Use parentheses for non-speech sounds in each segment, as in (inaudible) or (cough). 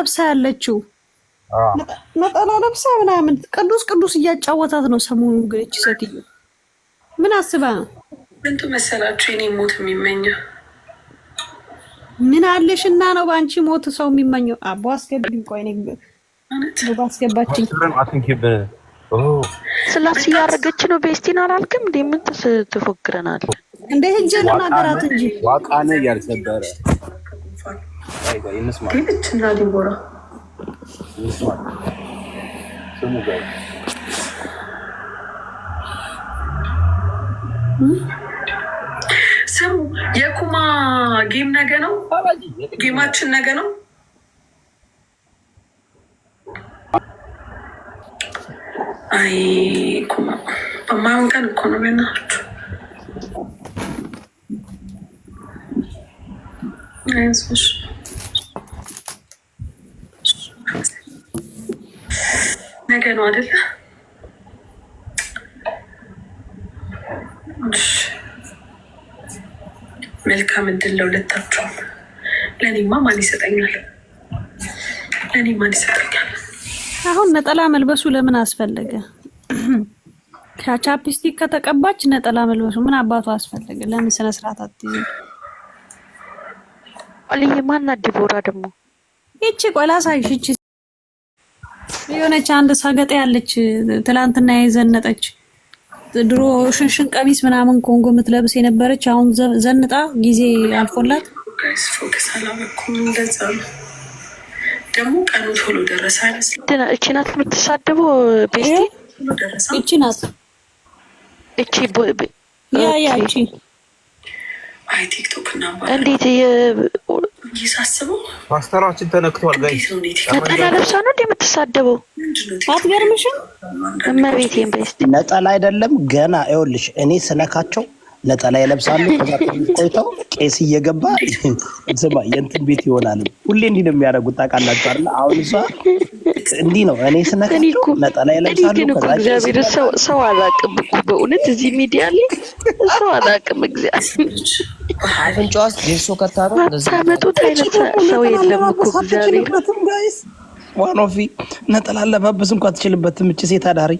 ለብሳ ያለችው ነጠላ ለብሳ ምናምን ቅዱስ ቅዱስ እያጫወታት ነው። ሰሞኑ ግን እቺ ሴትዮ ምን አስባ ነው? ምንቱ መሰላችሁ የኔ ሞት የሚመኘው ምን አለሽ እና ነው በአንቺ ሞት ሰው የሚመኘው? አቦ አስገቢኝ፣ ቆይ ባስገባችኝ። ስላስ እያደረገች ነው ቤስቲን አላልክም? እንደ ምን ትፎግረናል እንደ ህጀ ልናገራት እንጂ ዋቃነ እያልሰበረ ግልጭና ዲቦራ ስሙ የኩማ ጌም ነገ ነው። ጌማችን ነገ ነው። አይ ኩማ በማይሆን ቀን እኮ ነው ናችሁ። አይዞሽ ነገ ነው አደለ? መልካም እድል ለሁለታችሁም። ለእኔማ ማን ይሰጠኛል? ለእኔ ማን ይሰጠኛል? አሁን ነጠላ መልበሱ ለምን አስፈለገ? ቻፕስቲክ ከተቀባች ነጠላ መልበሱ ምን አባቱ አስፈለገ? ለምን ስነ ስርዓት አትይዙ? ቆልዬ ማና ዲቦራ ደግሞ ይቺ ቆላ ሳይሽ የሆነች አንድ ሰገጤ ያለች ትላንትና የዘነጠች ድሮ ሽንሽን ቀሚስ ምናምን ኮንጎ የምትለብስ የነበረች አሁን ዘንጣ ጊዜ አልፎላት ደግሞ ቀኑ ቶሎ ደረሰ አይመስልም። እቺ ናት የምትሳደበው፣ ቤስቲ እቺ ናት። እቺ ያ ያ እቺ አይ ቲክቶክ እና እንዴት ብዬ ሳስበው ማስተራችን ተነክቷል። ነጠላ ለብሳ ነው እንደ የምትሳደበው አትገርምሽም? እመቤቴን በስቲ ነጠላ አይደለም ገና ይኸውልሽ እኔ ስነካቸው ነጠላ ይለብሳሉ። ከዛ ቆይተው ቄስ እየገባ ስማ የእንትን ቤት ይሆናል። ሁሌ እንዲህ ነው የሚያደርጉት ታውቃላችሁ አይደል? አሁን እሷ እንዲህ ነው። እኔ ስነካቸው ነጠላ ይለብሳሉ። እግዚአብሔር ሰው አላውቅም እኮ በእውነት እዚህ ሚዲያ ላይ ሰው አላውቅም። እግዚአብሔር ነጠላ ለባበስ እንኳ ትችልበት ምች ሴት አዳሪ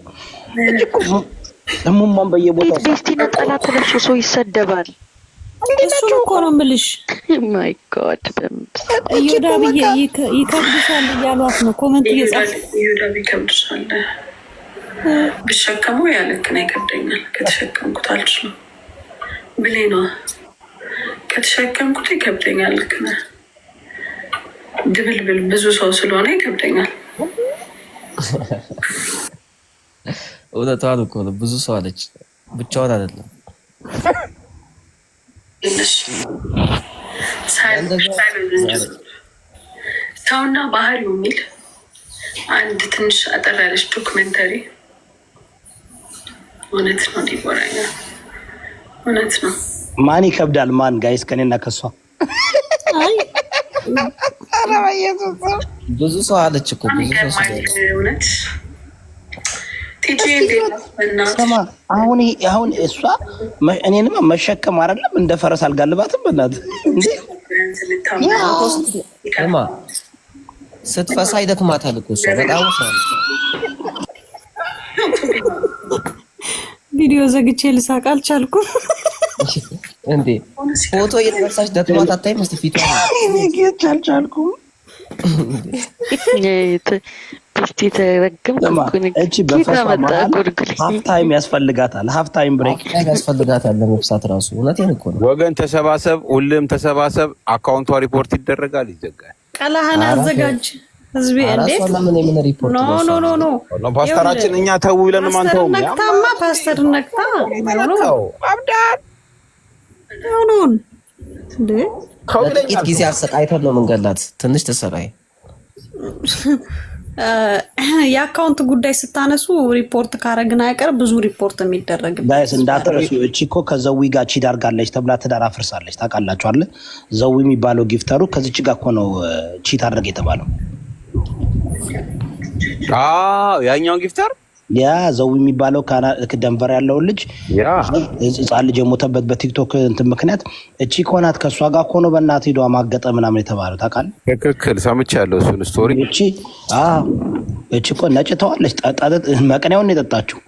እሙማን በየቦታው ቤስቲና ጠላት ለሱ ሰው ይሰደባል። እሱ እኮ ነው የምልሽ። ማይ ጋድ እዮዳብዬ ይከብድሻል እያሏት ነው ኮመንት እየጻፍ እዮዳብ ይከብድሻል። ብሸከመው ያለክን ይከብደኛል። ከተሸከምኩት አልችልም ብሌ ነዋ። ከተሸከምኩት ይከብደኛል። ልክ ድብልብል ብዙ ሰው ስለሆነ ይከብደኛል። (laughs) እውነቷን እኮ ነው። ብዙ ሰው አለች፣ ብቻውን አይደለም። ሰውና ባህሉ የሚል አንድ ትንሽ አጠር ያለች ዶክመንተሪ እውነት ነው። ዲቦራኛ እውነት ነው። ማን ይከብዳል? ማን ጋይስ ከኔና ከሷ ብዙ ሰው አለች እኮ ብዙ ሰው እውነት አሁን አሁን እሷ እኔንም መሸከም አይደለም እንደ ፈረስ አልጋልባትም። በእናትህ ስትፈሳ ይደክማታል እኮ እሷ በጣም ቪዲዮ ዘግቼ ልሳቅ አልቻልኩም። እንዴ ፎቶ እየተነሳች ደክማት አታይም? እስኪ ፊቷ አልቻልኩም በሽቲ ተረግም ሀፍታይም ያስፈልጋታል። ሀፍታይም ብሬክ ያስፈልጋታል ለመብሳት ራሱ እውነት እኮ ነው ወገን። ተሰባሰብ፣ ሁልም ተሰባሰብ። አካውንቷ ሪፖርት ይደረጋል፣ ይዘጋል። ቀላህን አዘጋጅ ህዝቤ እንዴት ኖ ፓስተራችን እኛ ተው ይለን ማንተው ነክታማ ፓስተር ነክታ አብዳል ሆኑን እንዴ ከጥቂት ጊዜ አሰቃይተን ነው መንገላት ትንሽ ተሰቃይ (laughs) የአካውንት ጉዳይ ስታነሱ ሪፖርት ካረግን አይቀር ብዙ ሪፖርት የሚደረግ ጋይስ እንዳትረሱ። እቺ እኮ ከዘዊ ጋር ቺዳር ጋለች ተብላ ትዳር አፍርሳለች። ታውቃላችኋለ? ዘዊ የሚባለው ጊፍተሩ ከዚች ጋር እኮ ነው ቺት አድርግ የተባለው ያኛው ጊፍተር ያ ዘው የሚባለው ደንቨር ያለውን ልጅ ህፃን ልጅ የሞተበት በቲክቶክ እንትን ምክንያት እቺ ከሆናት ከእሷ ጋር ከሆነ በእናት ሂዶ ማገጠ ምናምን የተባለው ታውቃለህ። ትክክል ሰምቻለሁ እሱን ስቶሪ። እቺ እቺ እኮ ነጭተዋለች፣ መቅኔውን የጠጣችው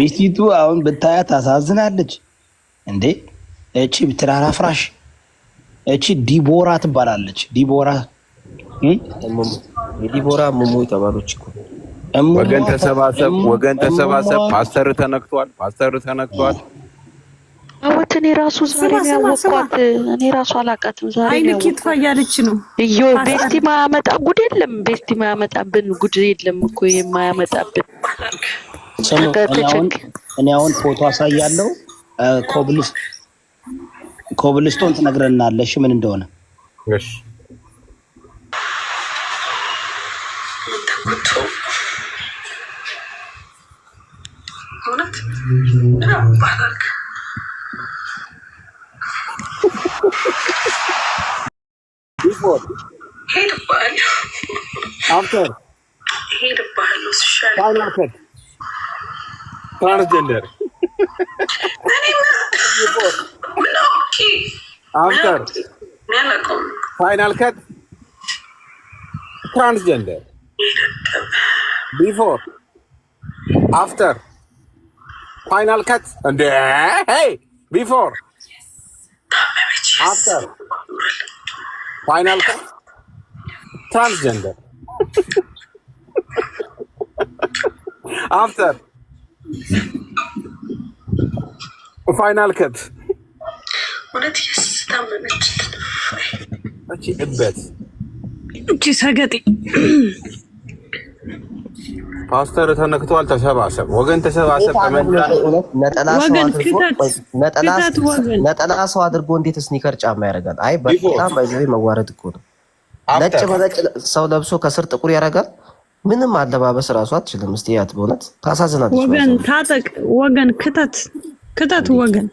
ሚስቲቱ። አሁን ብታያ ታሳዝናለች እንዴ! እቺ ትዳር እቺ ዲቦራ ትባላለች። ዲቦራ የዲቦራ ሙሙ የተባለች እኮ ወገን ተሰባሰብ፣ ወገን ተሰባሰብ። ፓስተር ተነክቷል፣ ፓስተር ተነክቷል። አወት እኔ ራሱ ዛሬ ነው ያወቅኳት እኔ ራሱ አላውቃትም። ዛሬ አይነ ኪትፋ እያለች ነው እዮ ቤስቲ ማያመጣ ጉድ የለም። ቤስቲ ማያመጣብን ጉድ የለም እኮ የማያመጣብን እኔ አሁን ፎቶ አሳያለሁ። ኮብልስ ኮብልስቶን ትነግረናለሽ ምን እንደሆነ። እሺ መጥቶ እውነት ባላል ሄድብሃለሁ ትራንስጀንደር አፍተር ፋይናል ከት ትራንስጀንደር ቢፎር አፍተር ፋይናል ከት እንደ ቢፎር አፍተር ፋይናል ከት ትራንስጀንደር አፍተር ፋይናል ከት እውነት የስታመነች እቺ እበት እቺ ሰገጤ ፓስተር ተነክቷል። ተሰባሰብ ወገን፣ ተሰባሰብ። ነጠላ ሰው አድርጎ እንዴት ስኒከር ጫማ ያደርጋል? አይ በጣም በዚህ መዋረድ እኮ ነው። ነጭ በነጭ ሰው ለብሶ ከስር ጥቁር ያደርጋል። ምንም አለባበስ እራሱ አትችልም። እስኪ ያት በእውነት ታሳዝናለች። ወገን ታጠቅ፣ ወገን ክተት፣ ክተት ወገን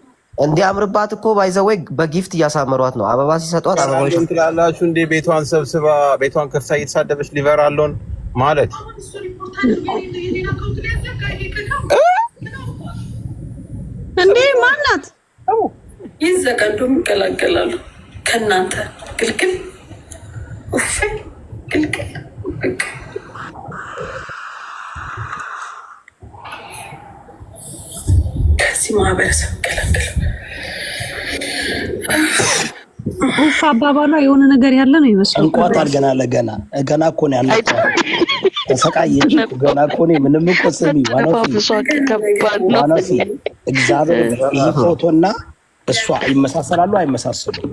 እንዲህ አምርባት እኮ ባይዘወይ በጊፍት እያሳመሯት ነው። አበባ ሲሰጧት አበባ ትላላችሁ እንዴ? ቤቷን ሰብስባ ቤቷን ከፍታ እየተሳደበች ሊቨር አለውን ማለት እንዴ ማናት ይዘጋዱ ይቀላቀላሉ። ከእናንተ ግልግል ግልግል ከዚህ ማህበረሰብ ገለግል ኡፍ አባባሏ የሆነ ነገር ያለ ነው ይመስላል። እንቋት አድርገናል። ገና ገና እኮ ነው ያለ ተሰቃየች። ገና እኮ ነው ምንም እኮ ስሚ ዋናፊ እግዚአብሔር ይህ ፎቶና እሷ ይመሳሰላሉ አይመሳሰሉም?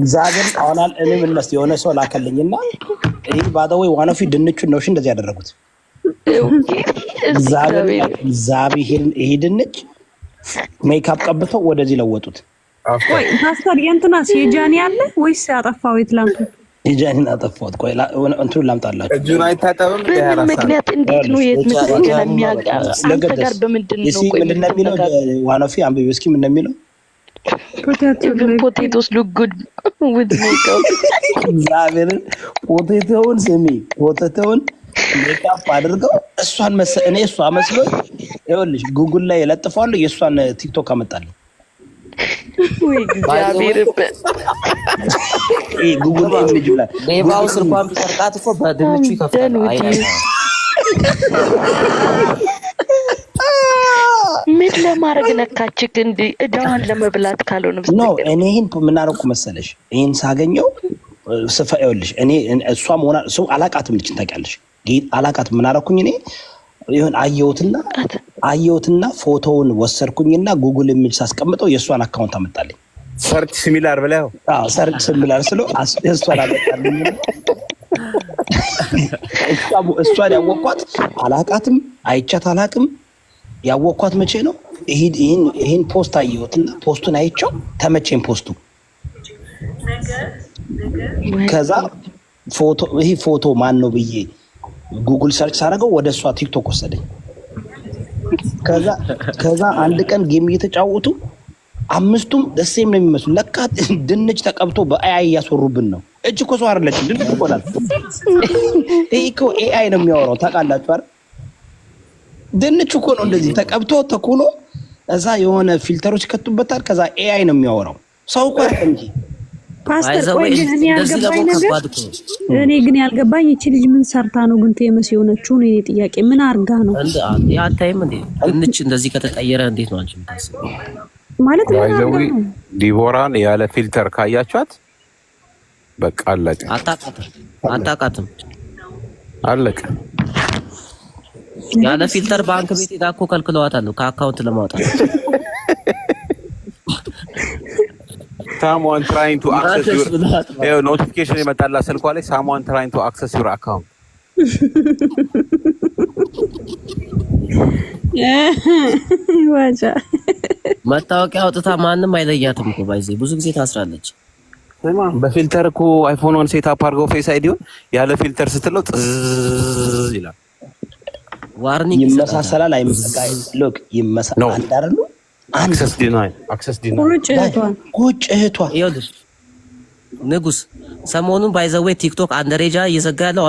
እግዚአብሔር አሁናል እኔም እነስ የሆነ ሰው ላከልኝና ይህ ባደወይ ዋናፊ ድንቹን ነው እንደዚህ ያደረጉት እግዚአብሔር ይሄ ድንች ሜካፕ ቀብተው ወደዚህ ለወጡት። ቆይ ፓስተር የእንትናስ የጃኒ አለ ወይስ አጠፋው? የትላንቱ የጃኒን ቆይ እንትኑን ላምጣላችሁ። እጁን አይታጠብም። ምክንያት እንዴት ነው አንተ ጋር በምንድን ነው? ቆይ ምንድን ነው የሚለው ዋናፊ እስኪ ፖቴቶስ ሉክ ጉድ ዊዝ ሜካፕ። እግዚአብሔርን ፖቴቶውን ስሚ፣ ፖቴቶውን ሜካፕ አድርገው እሷን መሰ እኔ እሷ መስሎኝ ይኸውልሽ ጉግል ላይ ለጥፈዋለሁ። የእሷን ቲክቶክ አመጣለሁ። ጉጉል ስልኳን ቢሰርቃት እኮ በድንቹ ይከፍታል። ምን ለማድረግ ነካች? እንዲህ እዳዋን ለመብላት ካልሆነ በስተቀር እኔ ይህን ምን መሰለሽ? ይህን ሳገኘው ስፋ ይኸውልሽ፣ እኔ እሷ መሆና ሰው አላቃትም። ልጅን ታውቂያለሽ? አላቃት ምናረኩኝ እኔ ይሁን አየሁትና አየሁትና ፎቶውን ወሰድኩኝና ጉግል የሚል ሳስቀምጠው የእሷን አካውንት አመጣልኝ። ሰርች ሲሚላር ብለው ሰርች ሲሚላር ስለ እሷን አመጣልኝ። እሷን ያወቅኳት አላቃትም፣ አይቻት አላቅም። ያወቅኳት መቼ ነው? ይህን ፖስት አየሁትና ፖስቱን አይቸው ተመቼን ፖስቱ። ከዛ ይህ ፎቶ ማን ነው ብዬ ጉግል ሰርች ሳደርገው ወደ እሷ ቲክቶክ ወሰደኝ። ከዛ አንድ ቀን ጌም እየተጫወቱ አምስቱም ደሴም ነው የሚመስሉ። ለካ ድንች ተቀብቶ በኤአይ እያስወሩብን ነው። እጅ እኮ ሰው አይደለችም፣ ድንች እኮ ናት። ይህ እኮ ኤአይ ነው የሚያወራው። ታውቃላችሁ አይደል? ድንች እኮ ነው እንደዚህ ተቀብቶ ተኩሎ፣ እዛ የሆነ ፊልተሮች ይከቱበታል። ከዛ ኤአይ ነው የሚያወራው። ሰው እኮ አይደለም። ፓስተር ቆይ ግን እኔ ያልገባኝ ነገር እኔ ግን ያልገባኝ እቺ ልጅ ምን ሰርታ ነው ግን ፌመስ የሆነችው? ነው ጥያቄ። ምን አርጋ ነው? አታይም እንዴ እንደዚህ ከተቀየረ እንዴት ነው አንቺ ማለት ምን አርጋ ነው? ዲቦራን ያለ ፊልተር በቃ አለቀ። አለቀ። ያለ ፊልተር ባንክ ቤት ሄዳ እኮ ከልክለዋታል ከአካውንት ለማውጣት (laughs) ሳሙዋን ትራይንግ ቱ አክሰስ ዩር ይኸው ኖቲፊኬሽን የመጣላት ስልኳ ላይ ሳሙዋን ትራይንግ ቱ አክሰስ ዩር አካውንት ዋጃ መታወቂያ አውጥታ ማንም አይለያትም እኮ ባይዜ ብዙ ጊዜ ታስራለች። በፊልተር እኮ ሴት አፕ አድርገው ፌስ አይዲውን ያለ ፊልተር ስትለው ይላል። ዋርኒንግ ይመሳሰላል። ሎክ አክሰስ ዲናይ አክሰስ ዲናይ ቁጭ እህቷ ንጉስ ሰሞኑን ባይዘዌ ቲክቶክ አንደሬጃ እየዘጋ ያለው